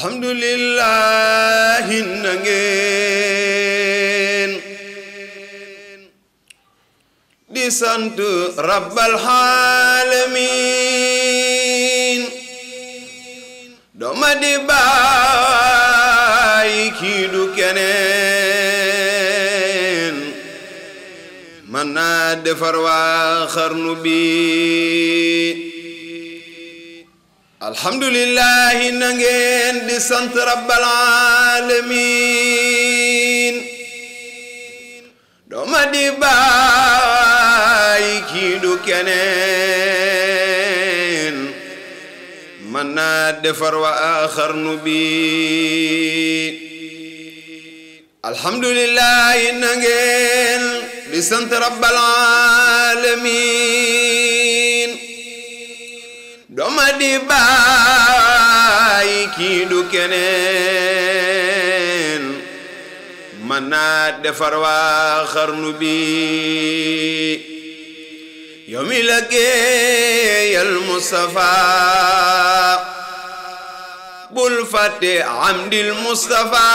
alhamdulillahi na ngeen di sant rabbal alamin dooma di baay kii du keneen man naa defar waa xarnu bi alhamdulilah na ngeen di sant rabbal alamin dooma di baay kii du keneen mën naa defar wa axar nu bi alhamdulilah na ngeen di sant rabbal alamin di baay kii du keneen mën naa defar waa xarnu bi yow mi la géeyal Mustafa bul fàtte amdil Mustafa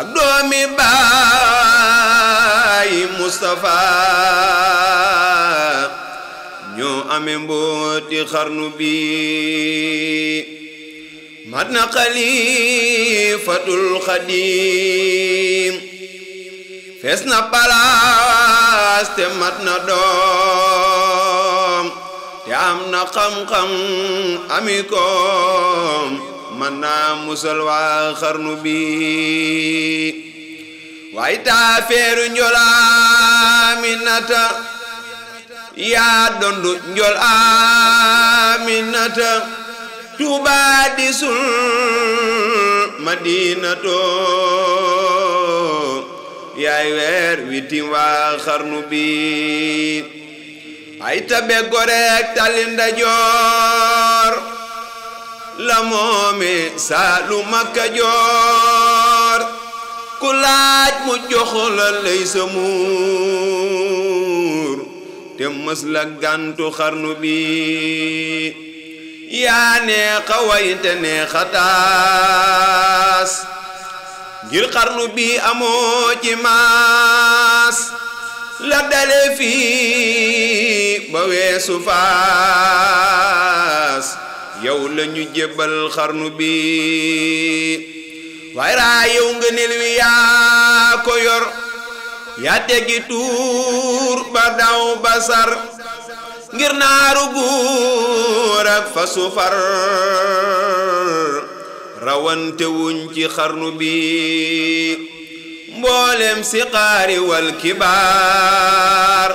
ak doomi baay Mustafa amee mbooti xarnu bi mat na xalifatul xadim fees na palaas te mat na doom te na xam-xam ami koom mën naa musal waa xarnu bi waaye taa feeru njolaaminata yaa dondu njol aminata tuubaa di yaay weer witim waa xarnu bi ay tabe goreek talinda joor la moome saalu makka joor ku laaj mu joxolal lay sa te mës la gàntu xarnu bi yaa neexa wayte neexa taas ngir xarnu bi amoo ci maas la dale ba weesu faas yow la ñu jébbal xarnu bi waaye raa yow wi yaa ko yaa teggi tuur ba daw basar ngir naaru góor fa sufar rawante wuñ ci xarnu bi mboolem si wal kibaar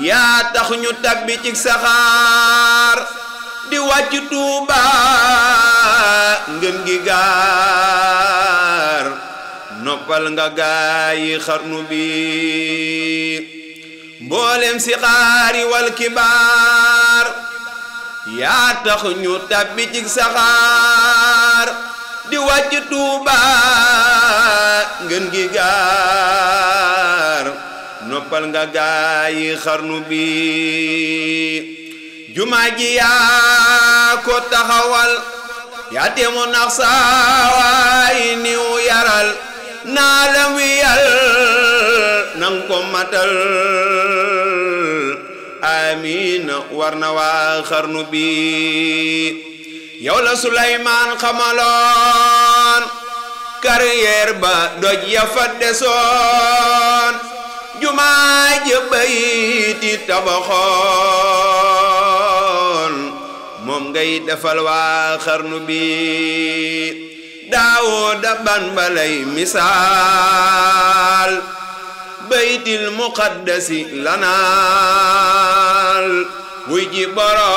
yaa tax ñu tabbi ci saxaar di wàcc tuuba ngën gi noppal nga gaayi xarnu bi mboolem si xaari wal kibaar yaa tax ñu tàbbi ci saxaar di wàcc tuuba ngën gi gaar noppal nga gaayi xarnu bi jumaa ji yaa ko taxawal yaa teemoon nax matal amiin war na waa xarnu bi yow la Suleymaan xamaloon carrière ba doj ya desoon jumaa ja bayti tabaxoon moom ngay defal waa xarnu bi daawoo da ban balay misaal baytil muqaddasi lanaal wuy ji boro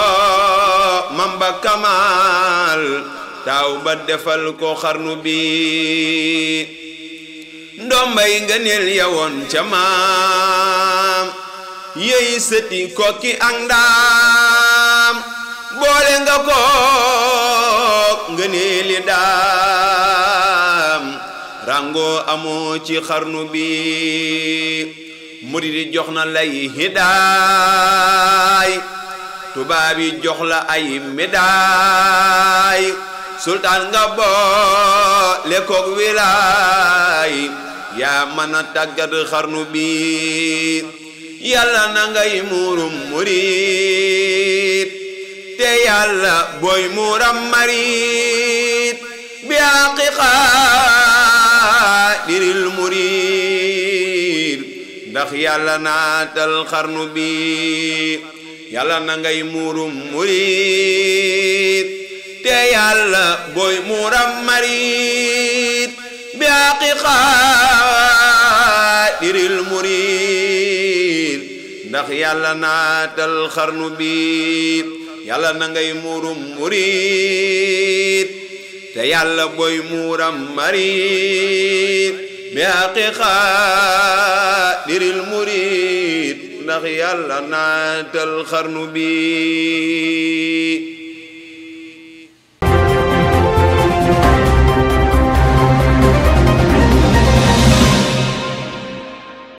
mamba kamaal taaw ba defal ko xarnu bi ndombay nga yawoon ca maam yéy kokki ak ndaam boole nga ko nga daam rango amu ci xarnu bi muridi jox na lay hidaay tubaab yi jox la ay médaay sultaan nga boole koog wilaay yaa mën a tàggat xarnu bi yàlla na ngay muurum murit te yàlla booy muuram marit bi aqiqa xaadiril muriid ndax yàlla naatal xarnu bi yàlla na ngay muurum muriid te yàlla booy muuram mariid bi aqi xaadiril muriid ndax yàlla naatal xarnu bi yàlla na ngay muurum muriid te yàlla mooy muuram marid bi haqi xaadiril murid ndax yàlla naatal xarnu bi